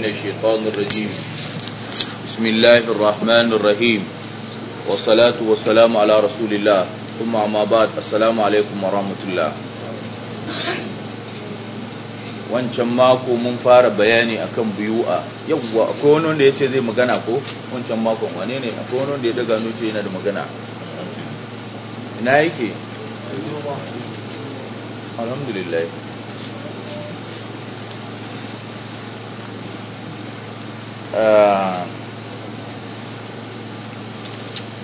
من الشيطان الرجيم بسم الله الرحمن الرحيم والصلاة والسلام على رسول الله ثم بعد السلام عليكم ورحمة الله wancan mako mun fara bayani akan buyu'a yawwa akwai wani wanda ya ce zai magana ko wancan mako, wane ne akwai wani wanda ya daga nuce yana da magana ina yake alhamdulillah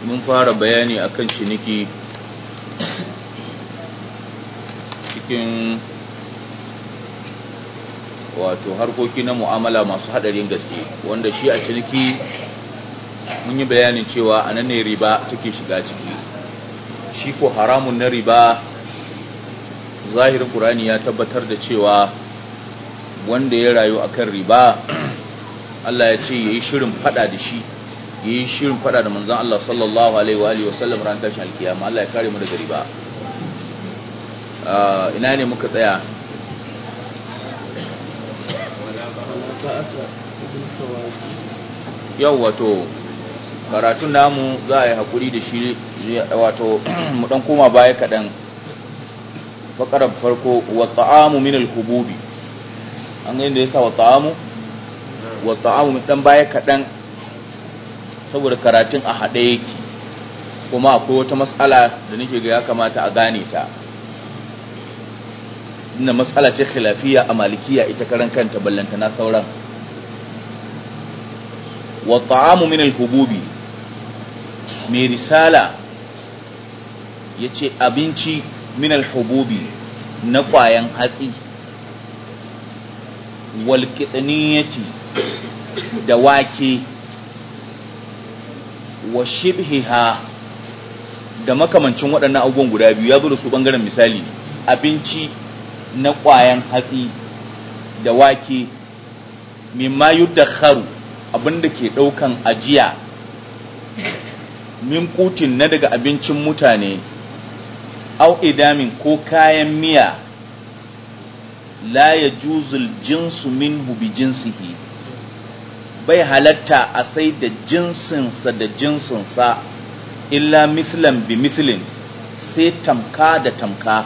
mun fara bayani akan ciniki cikin wato harkoki na mu'amala masu haɗarin gaske wanda shi a ciniki mun yi bayanin cewa a nan ne riba take shiga ciki shi ko haramun na riba zahirin ƙurani ya tabbatar da cewa wanda ya rayu akan riba Allah ya ce ya yi shirin fada da shi ya yi shirin fada da manzon Allah sallallahu alaihi wa alihi wasallam ran tashin alkiyama Allah ya kare mu daga riba ah, ina ne muka tsaya yau wato karatun namu za a yi haƙuri da shi wato mu ɗan koma baya kaɗan faƙarar farko wa ta'amu min hububi an yi da ya sa wa ta'amu wa amu dan baya kaɗan saboda karatun a haɗe yake kuma akwai wata matsala da nake ga ya kamata a gane ta ina matsala ce khilafiya a malikiya ita karan kanta ballanta na sauran wa ta'amu min al mai risala yace abinci min al-hububi na ƙwayan hatsi wal kitaniyati da wake wa shibhiha da makamancin waɗannan abubuwan guda biyu ya zo su ɓangaren misali abinci na ƙwayan hatsi da wake mimma yudakharu abinda ke ɗaukan ajiya min kutin na daga abincin mutane au idamin ko kayan miya la ya juzul jinsu minhu bi jinsihi bai halatta a sai da jinsinsa da jinsinsa illa mislan bi mislin sai tamka da tamka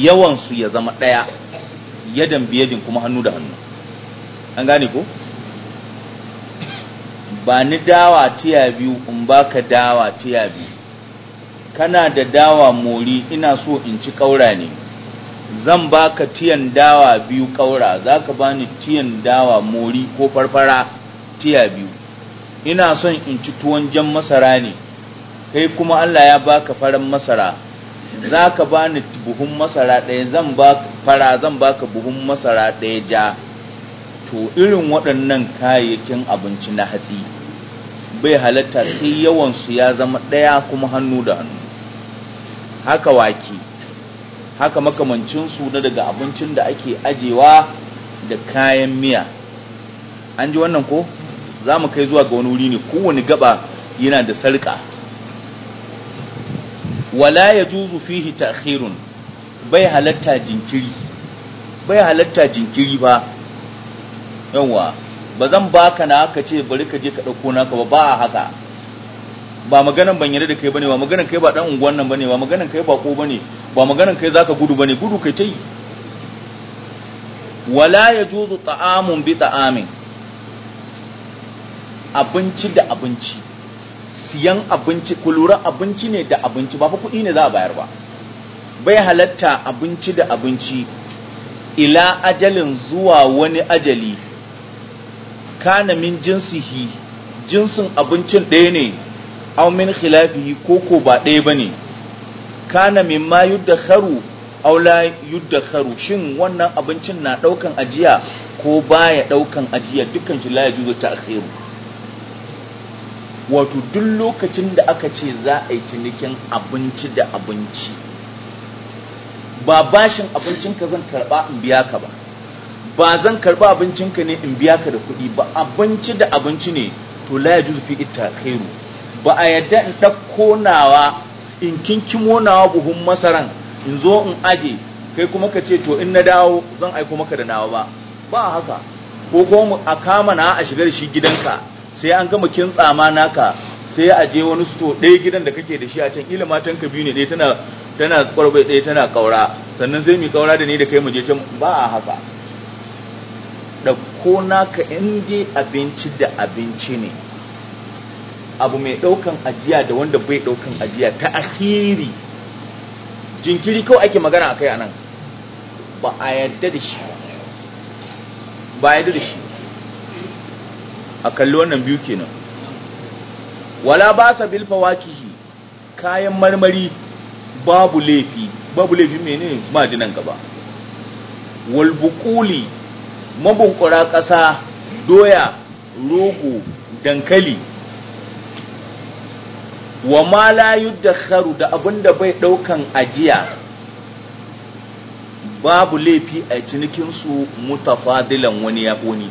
yawansu ya zama ɗaya yadan biyadin kuma hannu da hannu an gane ko ba ni dawa tiya biyu in baka dawa tiya biyu kana da dawa mori ina so in ci ƙaura ne zan baka tiyan dawa biyu ƙaura za ka bani tiyan dawa mori ko farfara tiya biyu ina son in ci tuwon jan masara ne kai kuma Allah ya baka faran masara za ka ba ni buhun masara ɗaya zan ba fara zan baka buhun masara ɗaya ja to irin waɗannan kayayyakin abinci na hatsi bai halatta sai yawansu ya zama ɗaya kuma hannu da hannu haka wake haka makamancin su na daga abincin da ake ajewa da kayan miya an ji wannan ko za mu kai zuwa ga wani wuri ne kowane gaba yana da sarƙa wala ya juzu fihi ta'khirun bai halatta jinkiri bai halatta jinkiri ba yawa ba zan baka na aka ce bari ka je ka ɗauko naka ba ba haka ba maganan ban yarda da kai bane ba maganan kai ba dan unguwan nan bane ba maganan kai ba ko bane ba maganan kai zaka gudu bane gudu kai tai wala ya yajuzu ta'amun bi ta'amin abinci da abinci siyan abinci ku abinci ne da abinci ba fa kuɗi ne za a bayar ba bai halatta abinci da abinci ila ajalin zuwa wani ajali kana min jinsihi jinsin abincin ɗaya ne aw min khilafihi koko ba ɗaya ba bane kana mimma yuddakharu aw la yuddakharu shin wannan abincin na ɗaukan ajiya ko baya ɗaukan ajiya dukkan shi la yajuzu ta'khiru wato duk lokacin da aka ce za a yi cinikin abinci da abinci ba bashin abincinka zan karba in biya ka ba ba zan karba abincinka ne in biya ka da kuɗi ba abinci da abinci ne to la yajuzu fi ittakhairu ba a yadda in ɗauko nawa in kinkimo nawa buhun masaran in zo in aje kai kuma ka ce to in na dawo zan aiko maka da nawa ba ba haka ko kuma a kama na a shiga da shi gidanka sai an gama kintsa tsama naka sai a je wani sto ɗaya gidan da kake da shi a can Ilima matan ka biyu ne ɗaya tana tana kwarbe ɗaya tana kaura sannan sai mu kaura da ni da kai mu je can ba a haka da ko naka in dai abinci da abinci ne abu mai ɗaukan ajiya da wanda bai ɗaukan ajiya ta akhiri jinkiri kawai ake magana akai anan ba a yarda da shi ba a da shi a kalli wannan biyu kenan wala ba sa bil fawakihi kayan marmari babu laifi babu laifi mene gaba wal mabunkura ƙasa doya rogo dankali wa ma la yuddakharu da abinda bai daukan ajiya babu laifi a cinikinsu mutafadilan wani ya wani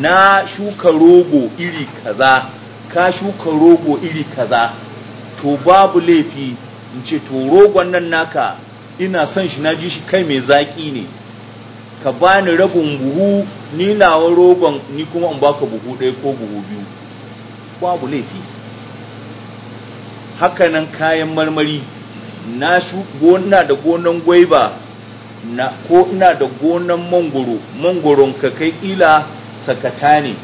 na shuka rogo iri kaza ka shuka rogo iri kaza to babu laifi in ce to rogon nan naka ina son shi na ji shi kai mai zaƙi ne ka bani ragun buhu ni nawa rogon ni kuma in baka buhu ɗaya ko buhu biyu babu laifi hakanan kayan marmari na gona da gonan gwaiba ko ina da gonan mangoro mangoron ka kai ila sakata ne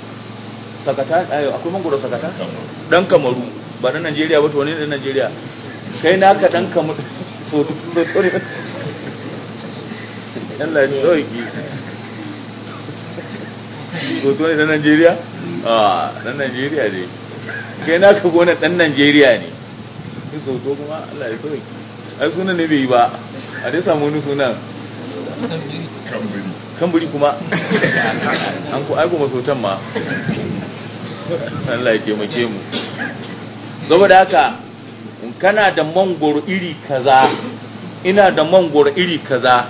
sakata ayo akwai mangoro sakata dan kamaru ba na Najeriya ba to ne dan Najeriya kai naka dan kamaru so to ne Allah ya ki so to ne dan Najeriya a ah, dan Najeriya ne kai naka gona dan Najeriya ne ki so to kuma Allah ya soyi ki ai sunan ne bai yi ba a dai samu wani sunan kambiri kamburi kuma an ku aiko masautan ma Allah ya taimake mu saboda haka kana da mangoro iri kaza ina da mangoro iri kaza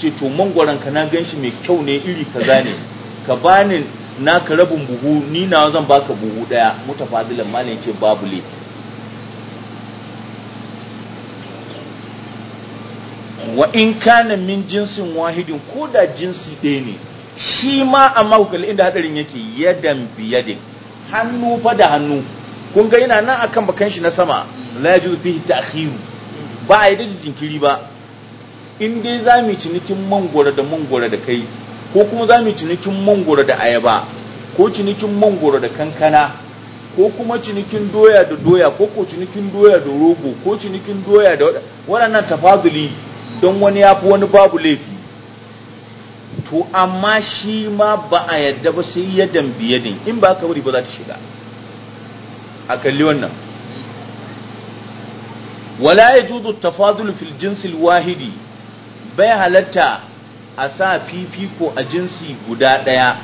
ce to mangoron ka na ganshi mai kyau ne iri kaza ne ka bani naka rabin buhu ni na zan baka buhu daya mutafadilan malin ce babu wa in kana min jinsin wahidin ko da jinsi ɗaya ne shi ma amma ku kalli inda hadarin yake yadan biyadin hannu fa da hannu kun ga yana nan akan bakan shi na sama la yajuzu fihi ta'khiru ba a yi da jinkiri ba in dai za mu cinikin mangoro da mangoro da kai ko kuma za mu cinikin mangoro da ayaba ko cinikin mangoro da kankana ko kuma cinikin doya da doya ko ko cinikin doya da rogo ko cinikin doya da waɗannan tafaduli don wani ya fi wani babu laifi to amma shi ma ba a yadda ba sai ya dambiye din in ba ka wuri ba za ta shiga a kalli wannan wala ya juzu tafadul fil jinsil wahidi bai halatta a sa fifiko a jinsi guda ɗaya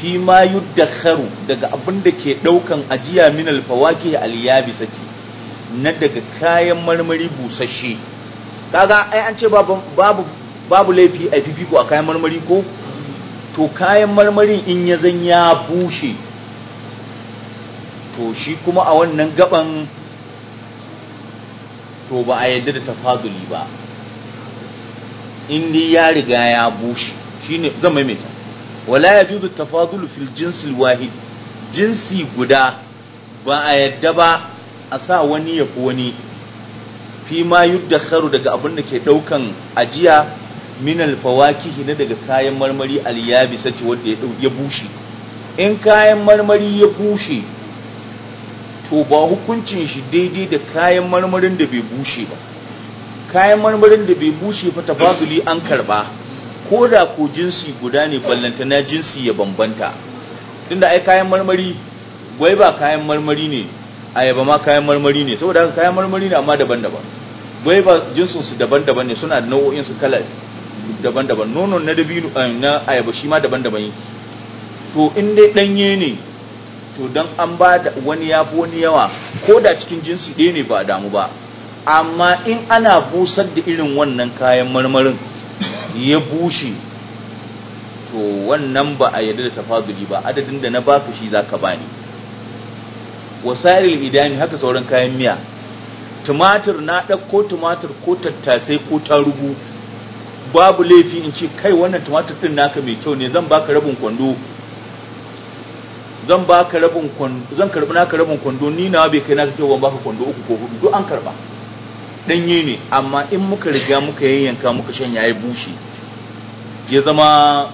fi ma yuddakharu daga abin da ke ɗaukan ajiya min alfawaki aliyabi Sati. na daga kayan marmari busasshe kaga ai an ce babu babu babu laifi a fifiko a kayan marmari ko to kayan marmarin in ya zan ya bushe to shi kuma a wannan gaban to ba a yadda da tafaduli ba in dai ya riga ya bushe shine zan maimaita wala yajuzu tafadulu fil jinsil wahid jinsi guda ba a yadda ba a sa wani ya fi wani fi ma yuddakharu daga abin da ke daukan ajiya min alfawakihi na daga kayan marmari sace wanda ya ya bushe in kayan marmari ya bushe to ba hukuncin shi daidai da kayan marmarin da bai bushe ba kayan marmarin da bai bushe fa tabaduli an karba ko da ko jinsi guda ne ballanta na jinsi ya bambanta tunda ai kayan marmari ba kayan marmari ne ayaba ma kayan marmari ne saboda haka kayan marmari ne amma daban-daban bai ba jinsin su daban-daban ne suna nau'o'in su kala daban-daban nonon na dabino eh, na ayaba shi ma daban-daban yake to in dai danye ne to dan an ba da wani ya ni yawa ko da cikin jinsi ɗaya ne ba damu ba amma in ana busar da irin wannan kayan marmarin ya bushe to wannan ba a yarda da tafaduli ba adadin da na baka shi zaka bani wasairil idami haka sauran kayan miya tumatir na ɗauko tumatir ko tattasai ko tarugu babu laifi in ce kai wannan tumatir ɗin naka mai kyau ne zan baka rabin kwando zan baka rabin kwando zan karbi naka rabin kwando ni nawa bai kai naka kyau ban baka kwando uku ko hudu duk an karba danye ne amma in muka riga muka yayyanka muka shanya ya bushe ya zama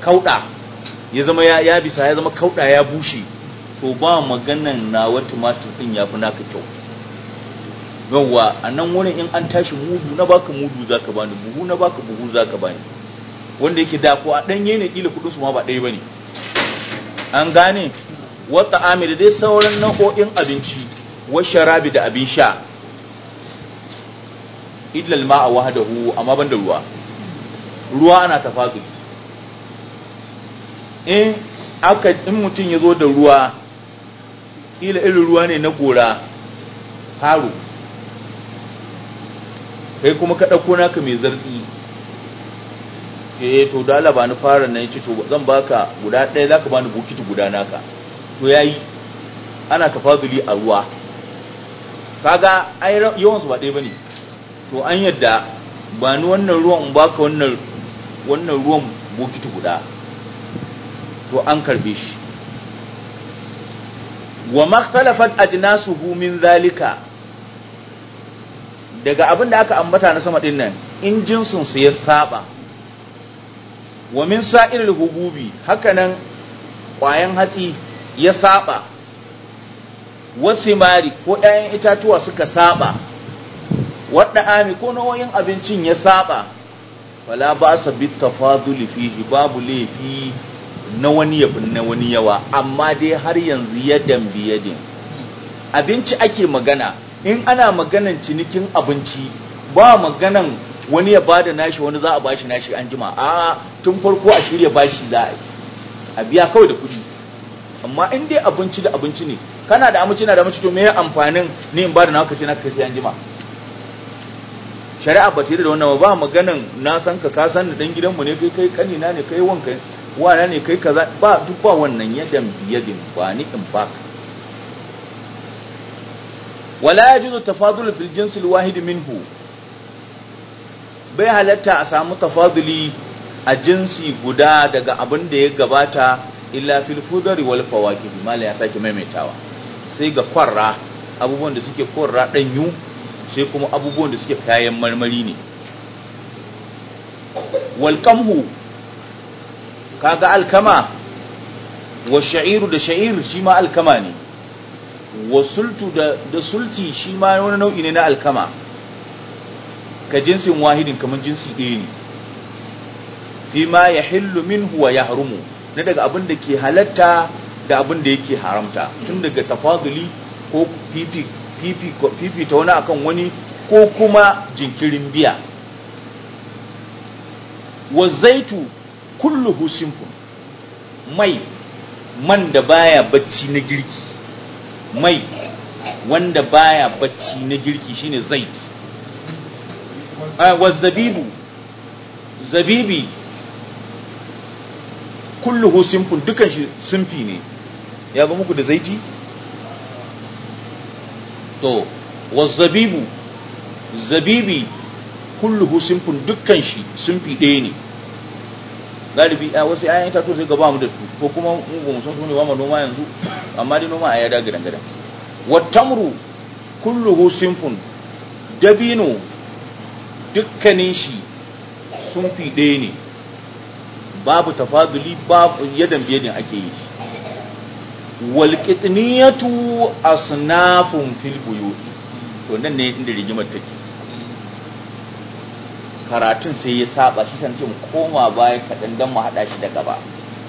kauda ya zama ya bisa ya zama kauda ya bushe to ba maganan wata matan din ya fi naka kyau yawwa a nan wurin in an tashi mudu na baka mudu za ka bani buhu na baka buhu za ka bani wanda yake da ko a ɗanye ne ƙila kuɗin su ma ba ɗaya ba ne an gane wata ami dai sauran nau'o'in abinci wa sharabi da abin sha illal ma a wahadahu amma ban ruwa ruwa ana tafadul in eh, aka in mutum ya zo da ruwa ƙila irin ruwa ne na gora haru kai kuma ka ɗauko naka mai zarfi ke eh, to da ala ba ni fara na yi ce to zan baka guda ɗaya za ka bani bukiti guda naka to ya yi ana tafazuli a ruwa kaga ai yawansu ba ɗaya ba ne to an yadda ba ni wannan ruwan in baka wannan ruwan bukiti guda to an karbe shi wa makhtalafat ajnasuhu min zalika daga abin da aka ambata na sama dinnan in jinsin su ya saba wa min sa'iril hububi hakanan ƙwayan hatsi ya saba wasu mari ko ɗayan itatuwa suka saba wadda ami ko nau'in abincin ya saba wala ba sa bi tafaduli fihi babu laifi na wani ya na wani yawa amma dai har yanzu yadan din. abinci ake magana in ana maganan cinikin abinci ba maganan wani ya bada nashi wani za a bashi nashi an jima a tun farko a shirya bashi za a yi a biya kawai da kuɗi amma in dai abinci da abinci ne kana da amince na da amince to me amfanin ne in bada naka ce naka kai sai an jima shari'a ba ta yi da wannan ba maganan na san ka ka san da dan gidanmu ne kai kai kanina ne kai wanka wane ne kai kaza ba duk ba wannan yadan biyadin ba ni in ba ka? wala yajuzu tafadul fil jinsil wahid minhu bai halatta a samu tafaduli a jinsi guda daga abin da ya gabata illa fil fudari wal fawakih mala ya sake maimaitawa sai ga kwarra abubuwan da suke kwarra ɗanyu, sai kuma abubuwan da suke kayan marmari ne wal kaga alkama wa sha'iru da sha'ir shi ma alkama ne wa sultu da sulti shi ma wani nau'i ne na alkama ka jinsin wahidin kamar jinsi ɗaya ne fi ma ya hillu min wa ya harumu na daga abin da ke halatta da abin da yake haramta tun daga tafaduli ko fifita wani akan wani ko kuma jinkirin biya wa zaitu kullu simple mai man da baya bacci na girki mai wanda baya bacci na girki shine zait ah, wa zabibu zabibi kullu simfun dukan shi sunfi ne ya ga muku da zaiti to wa zabibu zabibi kullu simfun dukkan shi sunfi ɗaya ne galibi a wasu ƴaƴan itatuwa sai gaba mu da su ko kuma mu mu san su ne ba mu noma yanzu amma dai noma a ya da gidan gidan wattamru kulluhu sinfun dabino dukkanin shi sun fi ɗaya ne babu tafaduli babu yadan biyadin ake yi walƙitniyatu asnafun fil buyuti to nan ne inda rigimar take karatun sai ya saba shi san mu koma baya kaɗan don mu haɗa shi da gaba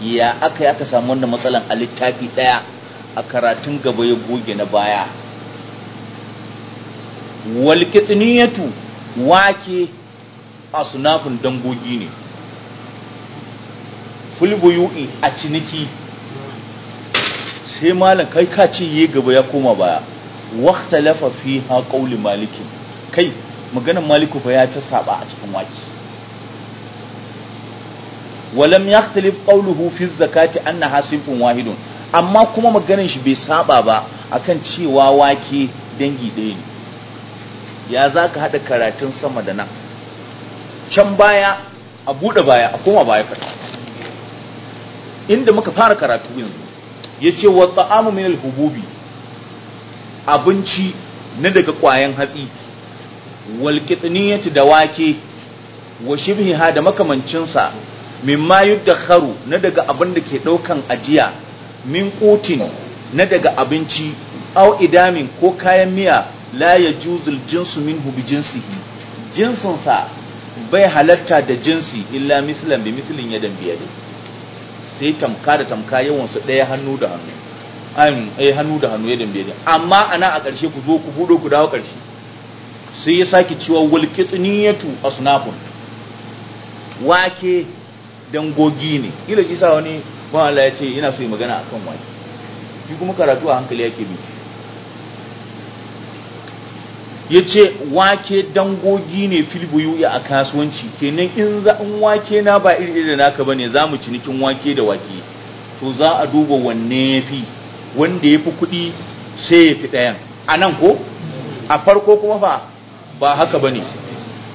ya aka yi aka samu wannan matsalan a littafi ɗaya a karatun gaba ya goge na baya wal kitniyatu wake asunafin dangogi ne fulbuyu'i a ciniki sai malam kai ka ce yi gaba ya koma baya waqtalafa fiha qawli malikin kai maganan maliku fa ya ci saba a cikin waki walam yakhtalif qawluhu fi zakati annaha sinfun wahidun amma kuma maganan shi bai saba ba akan cewa wake dangi ɗaya ne ya za ka haɗa karatun sama da nan can baya a buɗe baya a koma baya fata inda muka fara karatu yanzu ya ce wa ta'amu min hububi abinci na daga ƙwayan hatsi wal qitniyati da wake wa shibhiha da makamancinsa mimma yuddakharu na daga abin da ke daukan ajiya min qutin na daga abinci au idamin ko kayan miya la yajuzul jinsu minhu bi jinsihi jinsinsa bai halatta da jinsi illa mislan bi mislin yadan biyade sai tamka da tamka yawan su daya hannu da hannu ai eh, hannu da hannu yadan biyade amma ana a ƙarshe ku zo ku hudo ku dawo ƙarshe sai ya sake cewa a asnafun wake dangogi ne ila shi sa wani ba Allah ya ce yana so yi magana kan wake shi kuma karatu a hankali yake bi ya ce wake dangogi ne filbuyu a kasuwanci kenan in za wake na ba iri da naka bane za mu cinikin wake da wake to za a duba wanne ya fi wanda ya fi kuɗi sai ya fi ɗayan a nan ko a farko kuma fa ba haka ba ne.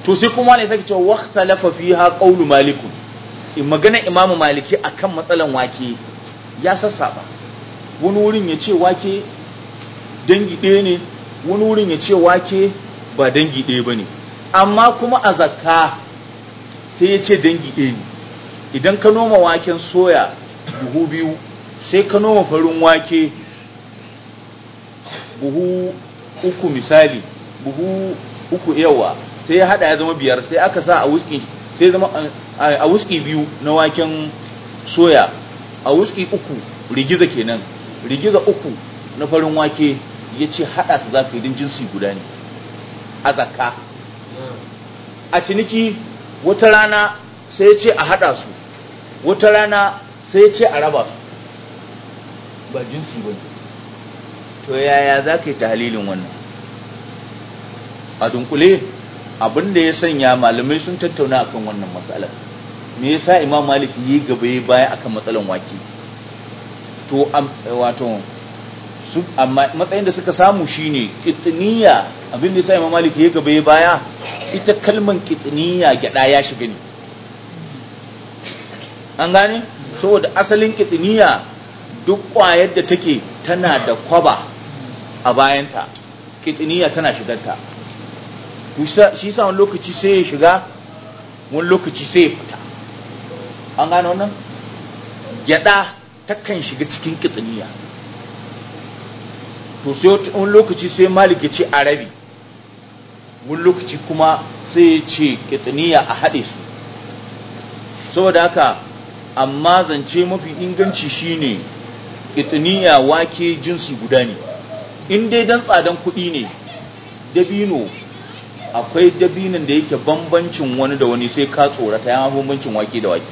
to sai kuma ne sake cewa waqtalafa fiha qawlu malik magana imam maliki akan matsalan wake ya sassaba wani wurin ya ce wake dangi ɗaya ne wani wurin ya ce wake ba dangi ɗaya ba ne amma kuma a zakka sai ya ce dangi ɗaya ne idan ka noma waken soya buhu biyu sai ka noma farin wake buhu uku misali buhu uku yawa sai ya hada ya zama biyar sai aka sa a wuski sai zama a wuski biyu na waken soya a wuski uku rigiza kenan rigiza uku na farin wake ya ce hada su zafi din jinsi guda ne a zakka a ciniki wata rana sai ya ce a hada su wata rana sai ya ce a raba su ba jinsi ba to yaya za ka yi tahalilin wannan a dunkule abin da ya sanya malamai sun tattauna akan wannan matsalar me yasa imam malik yi gaba ya baya akan matsalar wake to wato amma matsayin da suka samu shine kitniya abin da yasa imam malik ya gaba ya baya ita kalman kitniya gyada ya shiga ne an gane saboda asalin kitniya duk kwayar da take tana da kwaba a bayanta kitniya tana shiganta shi sa wani lokaci sai ya shiga wani lokaci sai ya fita an gano wannan gyada takan shiga cikin kitsiniya to sai wani lokaci sai malik ya ce rabi. wani lokaci kuma sai ya ce kitsiniya a haɗe su saboda haka amma zance mafi inganci shine kitsiniya wake jinsi guda ne in dai dan tsadan kuɗi ne dabino akwai dabinan da yake bambancin wani da wani sai ka tsorata ya bambancin wake da wake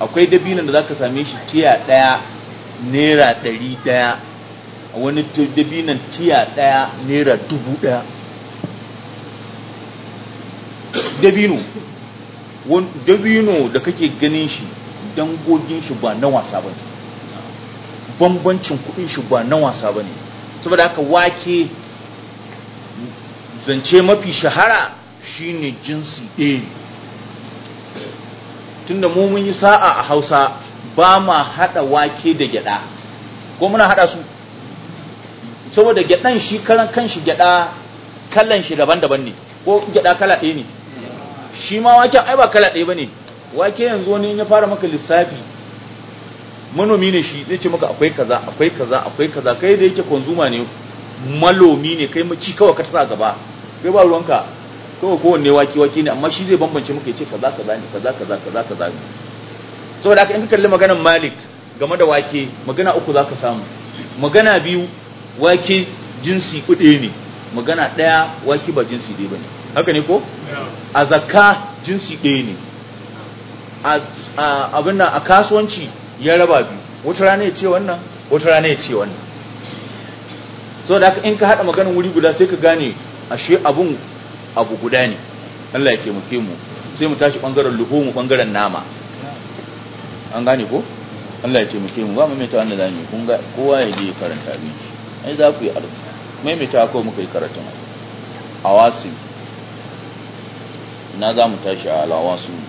akwai dabinan da zaka same shi tiya daya naira ɗari daya wani dabinan tiya daya naira dubu daya dabino dabino da kake ganin shi dangogin shi ba na wasa ba ne bambancin kuɗin shi ba na wasa ba ne saboda haka wake zance mafi shahara shine jinsi ɗaya tunda mu mun yi sa'a a hausa ba ma haɗa wake da gyaɗa ko muna haɗa su saboda gyaɗan shi karan kanshi gyaɗa kallon shi daban-daban ne ko gyaɗa kala ɗaya ne shi ma waken ai ba kala ɗaya ba ne wake yanzu wani ya fara maka lissafi manomi ne shi zai ce maka akwai kaza akwai kaza akwai kaza kai da yake kwanzuma ne malomi ne kai maci kawai ka tsa gaba kai ba ruwanka kawai kowanne waki waki ne amma shi zai bambance muka ce kaza kaza ne kaza kaza kaza kaza ne saboda haka in ka kalli maganar malik game da wake magana uku za ka samu magana biyu wake jinsi kuɗe ne magana ɗaya wake ba jinsi ɗaya ba ne haka ne ko a zakka jinsi ɗaya ne abin nan a kasuwanci ya raba biyu wata rana ya ce wannan wata rana ya ce wannan saboda da in ka haɗa maganin wuri guda sai ka gane ashe abun abu guda ne Allah ya taimake mu sai mu tashi bangaren luhumu bangaren nama an gane ko Allah ya taimake mu ba mu mai ta wannan zamu kun ga kowa ya je karanta bi ai za ku yi arzu mai mai ta ko muka yi A wasu na za mu tashi a alawasu